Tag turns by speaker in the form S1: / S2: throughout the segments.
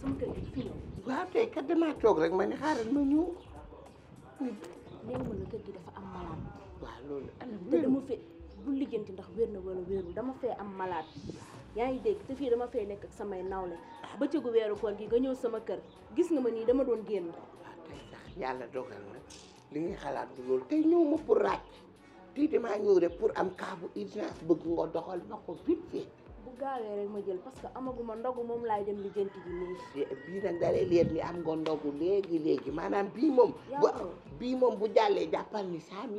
S1: sama kër gi fi waa
S2: waaw tey kat damaa toog rek ma ne
S1: xaaral ma ñëw. léegi ma ne kër gi dafa am malade. waaw loolu am na te bu lijjanti ndax wér na wala wérul dama fee am malaat yaa ngi dégg te fii dama fee nekk ak samay nawle bëccëgu weeru koor gi nga ñëw sama kër gis nga ma nii dama doon génn. waaw tey sax yàlla
S2: dogal na li ngay xalaat bu loolu tey ñëw ma pour ràcc. tey damaa ñëw rek pour am kaabu urgence bëgg nga doxal ma ko vite fait.
S1: bu rek ma jël parce que amaguma ndogu moom laay dem li eh, am nga léegi léegi maanaam bii moom bu
S2: bii moom bu jàllee jàppal ni saa xam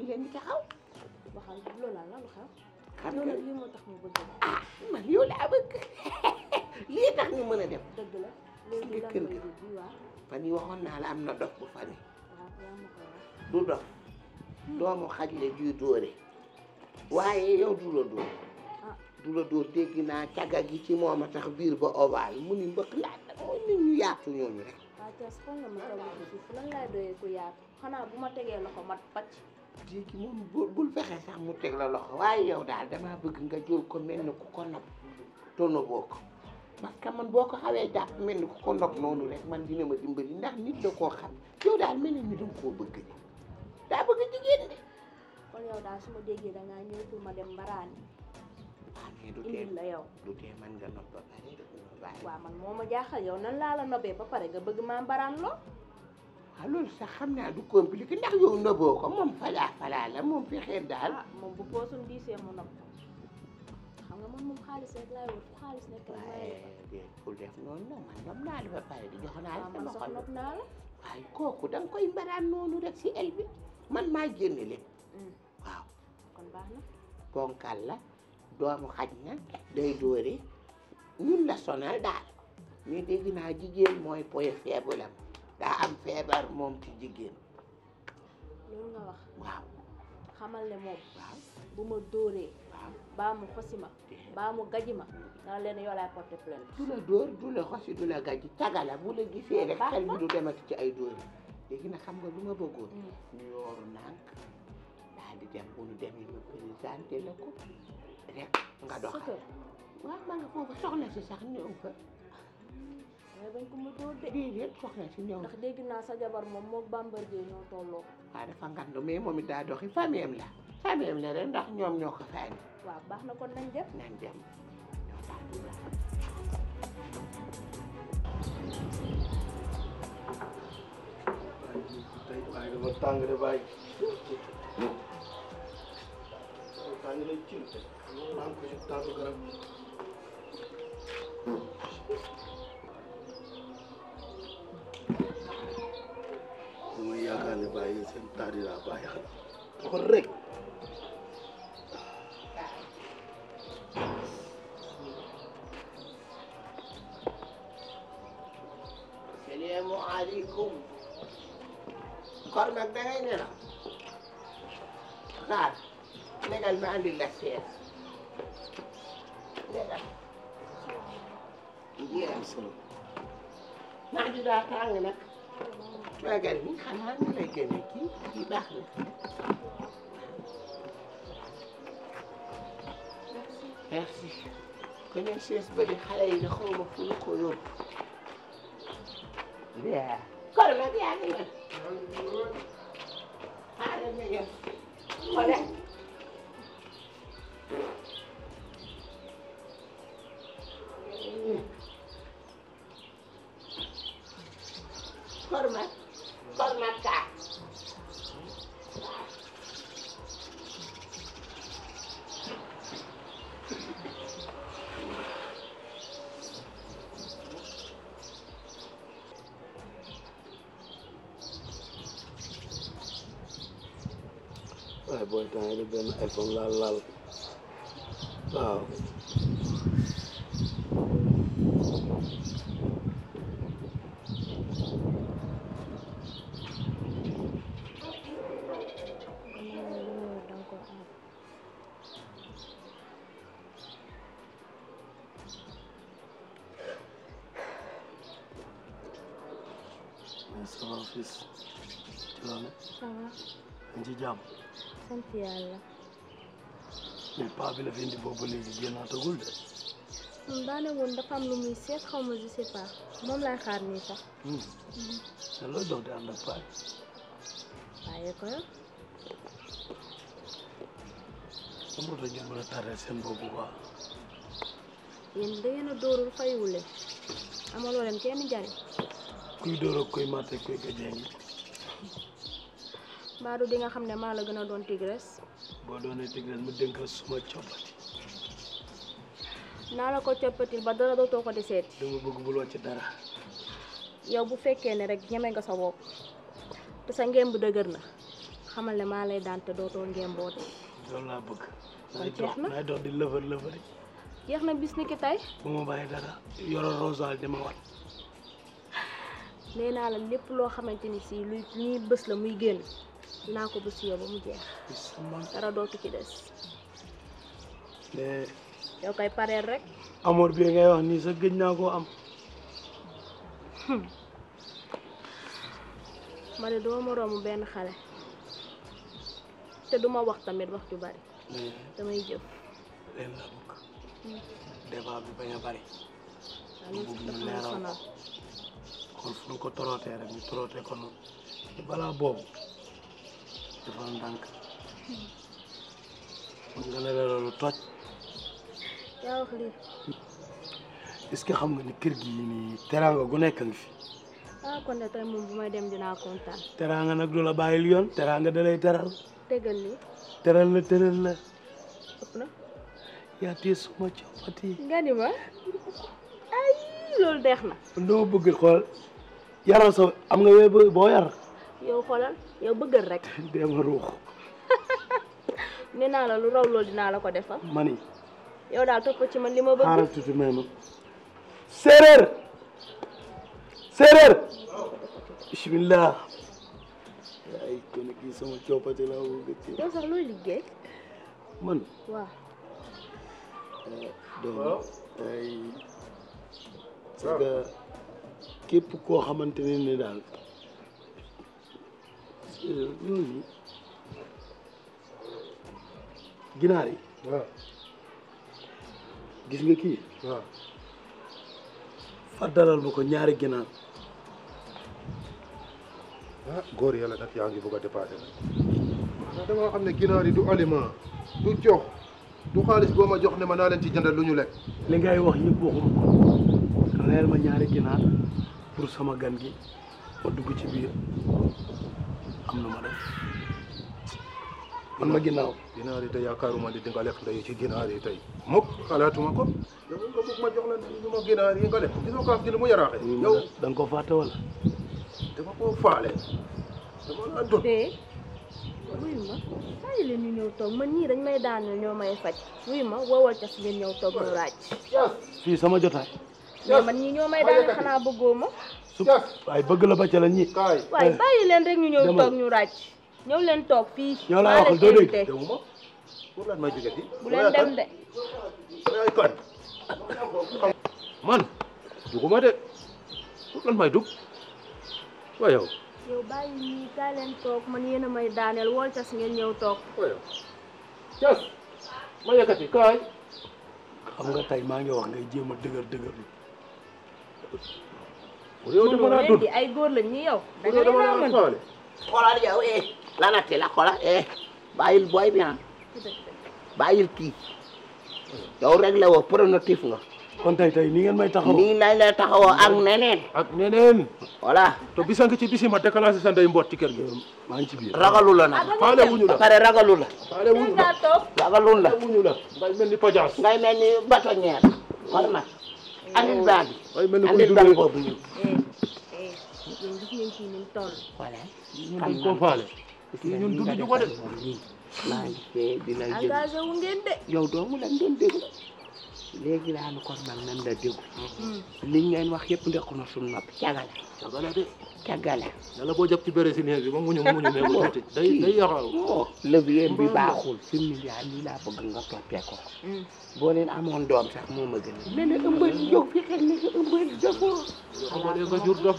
S2: nga lii
S1: moo ah,
S2: tax ñu mën a dem
S1: dëgg la léegi
S2: fan yi waxoon naa la am na dof bu fan yi du dof hmm. doomu xaj juy dóore waaye yow du la dóore du la dóor dégg naa càgga gi ci moom a tax biir ba ovaal mu ni mbëkk laa
S1: mooy bu ma tegee loxo mat pàcc.
S2: léegi moom fexe sax mu teg la loxo waaye yow daal damaa bëgg nga jël ko mel ni ku ko nopp tono boo ko parce que man boo ko xawee jàpp mel ni ku ko nopp noonu rek man dina ma dimbali ndax nit da koo xam yow daal mel ni koo bëgg de
S1: daa bëgg jigéen de. kon yow daal su ma déggee da ngaa ñëw pour ma dem mbaraani.
S2: mais du tee la man nga nopp ba pare waaye waaw
S1: man moo ma jaaxal yow nan la nobee ba pare nga bëgg maa mbaraan loo
S2: waaw loolu xam naa du compliqué ko moom falaa falaa la moom fexeel daal nga
S1: man moom xaalis
S2: kooku da nga koy mbaraan noonu rek si el bi maa génne lépp
S1: waaw kon baax na
S2: ponkal la doomu xaj na day dóore ñun la sonal daal mais dégg naa jigéen mooy point faible am daa am feebar moom ci jigéen
S1: loolu nga wax waaw xamal ne moom bu ma dóoree waaw baa mu xosi ma baa mu gaji ma dana leen yoo laay porté plainte du la dóor du
S2: la xosi du la gaji tagala bu la gisee rek xel mi du demati ci ay dóor léegi nag xam nga lu ma bëggoon mm. ñu yooru nànk di dem bu ñu demee ñu présenté la ko rek nga doxal.
S1: waaw man foofu soxna si sax ñëw fa. waaye eh, ko ma dóor de. déedéet si ñëw ndax dégg naa sa jabar moom moog bambarjee ñoo tolloo.
S2: waaw dafa ngandu mais moom it daa doxi famille am la famille la rek ndax ñoom ñoo ko fay.
S1: waaw baax na kon nañ dem.
S2: maa ngi lay jël maa ne bàyyi seen taat yi laa bàyyi xel doxal rek salaamu aleykum negal ma andi la seet negal am maa ngi daa tàng nag magal bi xanaa ni lay gën a kii kii baax na merci di xale yi ko yóbbu yaa kor ma yaa ngi nag xaaral ma temps yi benn iPhone laal laal waaw Ça va fils. Tu vas, hein?
S1: Ça va. Nji jàmm. sant yàlla.
S2: mais paa bi la fi indi boobu léegi génnaatagul de.
S1: moom daanaka woon dafa am lu muy seet xaw ma je sais pas moom laay xaar nii sax.
S2: te looy dox di ànd ak paa bi. waaye ko. amul rajo ngeen mën a tardé seen boobu quoi.
S1: yéen da ngeen a dóorul fayiwule amaloo leen kenn jariñ.
S2: kuy dóor ak kuy màtte kuy gëjee ngi.
S1: Baadu di nga xam ne maa la gën a doon Tigresse.
S2: boo doonee Tigresse mu dénk la suma coppati.
S1: naa la ko coppatil ba dara dootoo ko di seet.
S2: dama bëgg buloo ci dara.
S1: yow bu fekkee rek ñeme nga sa bopp te xamal ne maa lay daan te dootoo ngemboote.
S2: loolu laa bëgg. kon na di na ma bàyyi
S1: nee naa la lépp loo xamante ni si luy ñuy bës la muy génn. naa ko bés yow ba mu jeex. dara dootu ci des. mais. Eh. yow kay pareel rek.
S2: amoor bi ngay wax nii sa gëj naa koo am.
S1: ma doo ma benn xale te duma wax tamit wax ju bari. Eh. damay jëf. leen hmm.
S2: bi bañ a bari. ñu bëgg kon fu ñu ko torootee rek ñu torootee ko balaa boobu. defal ndànk mën nga ne la loolu toj. yaa xam nga ni kër gi nii teraanga gu nekk nga
S1: ah, dem dinaa kontaan.
S2: teraanga nag bàyyil yoon teraanga da lay teral. tegal lii. teral na. yaa téye suma coppati.
S1: nga ni ay loolu
S2: deex yaral sa am nga wéy boo yar.
S1: yow xoolal yow bëggal rek.
S2: dee ruux.
S1: nee naa la lu raw loolu dinaa la ko defal. mani yow daal topp ci man li ma
S2: bëgg. séeréer. séeréer. bismillah. ay kon kii sama coppati laa bëgg. yow
S1: sax looy liggéey. man waaw.
S2: donc ay. c'est que képp koo xamante ne daal. ginaar yi. waaw gis nga kii. waaw faddalal ma ko ñaari ginaar. ah góor yàlla nag yaa ngi bëgg a dépassé nag. dama xam ne ginaar yi du aliment du jox du xaalis boo ma jox ne ma naa leen ci jëndal lu ñu lekk. li ngay wax yëpp waxuma ko reyal ma ñaari ginaar pour sama gan gi ma dugg ci biir ma def man ma ginnaaw ginaar yi tey yaakaaruma di nga lekk ndey ci ginaar yi tey mukk xalaatuma ko yow jox la ñu ma ginaar yi nga lekk gisoo kaaf gi li mu da ko fàtte wala dama koo faale
S1: dama laa dund wuy ma bàyyi leen ñu ñëw toog man ñii dañ may daanal ñoo may faj wuy ma woowal cas ngeen ñëw toog ñu raaj
S2: fii sama jotaay
S1: mais man ñii ñoo may daanal xanaa bëggoo ma
S2: su bëgg la ba ca la ñi waay eh. bàyyi
S1: leen rek ñu ñëw toog ñu ràcc ñëw leen toog fii ñoo laa waxal doo dégg dewuma
S2: pour lan may bu leen dem de man duguma de pour may dug waaye yow
S1: yow bàyyi ñii kaay leen toog man yéen a may daaneel wool ngeen ñëw toog waaye xam
S2: nga tey maa ngi wax ngay jéem a dëgër dëgër yow dama
S1: ay góor lañ ni yow. da ngay mën xoolal yow
S2: eh la nattee la xoolal eh bàyyil booy bi ah bàyyil kii yow rek la woo pronotif nga. kon tey tey nii ngeen may taxawoo nii lañ lay taxawoo ak neneen. ak to voilà. te bisank ci ma déclenché sa ndey bot ci kër gi. maa ngi ci biir ragalu na nag. Ah, faale wuñu la pare ragalu la.
S1: faale wuñu la
S2: ragalu la. faale wuñu la. ni pajaas. ngay ma. andil baa bi. andil baa boobu ñëw.
S1: Eh, eh. ñoom gis nañ fii ni mu toll. voilà xam naa ko
S2: faale. ñun dund ñu ko de. yow doomu lañ doon déglu. léegi laa nu kon man hmm. wax yëpp ndekku na suñu nopp cagala. càggale yàlla boo jàpp ci béré néeg bi moom muñu muñu mais bu tuuti day day yoxaw oh, oh, levier bi baaxul si mu ne yaa lii laa bëgg nga toppee ko mm. boo leen amoon doom sax moo ma gën a ne ëmbal jóg
S1: fi xel ne ëmbal jógoo xamoon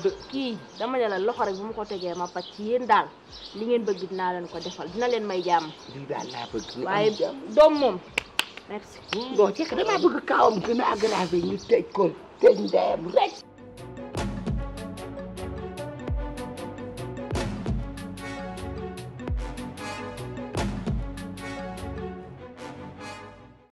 S1: de kii dama ne loxo rek bu mu ko tegee ma pàcc ci yéen daal li ngeen bëgg dinaa leen ko defal dina leen may jàmm
S2: lii daal laa bëgg waaye
S1: doom moom merci doo ci damaa bëgg kaawam gën a aggravé ñu tëj ko tëj ndeyam rek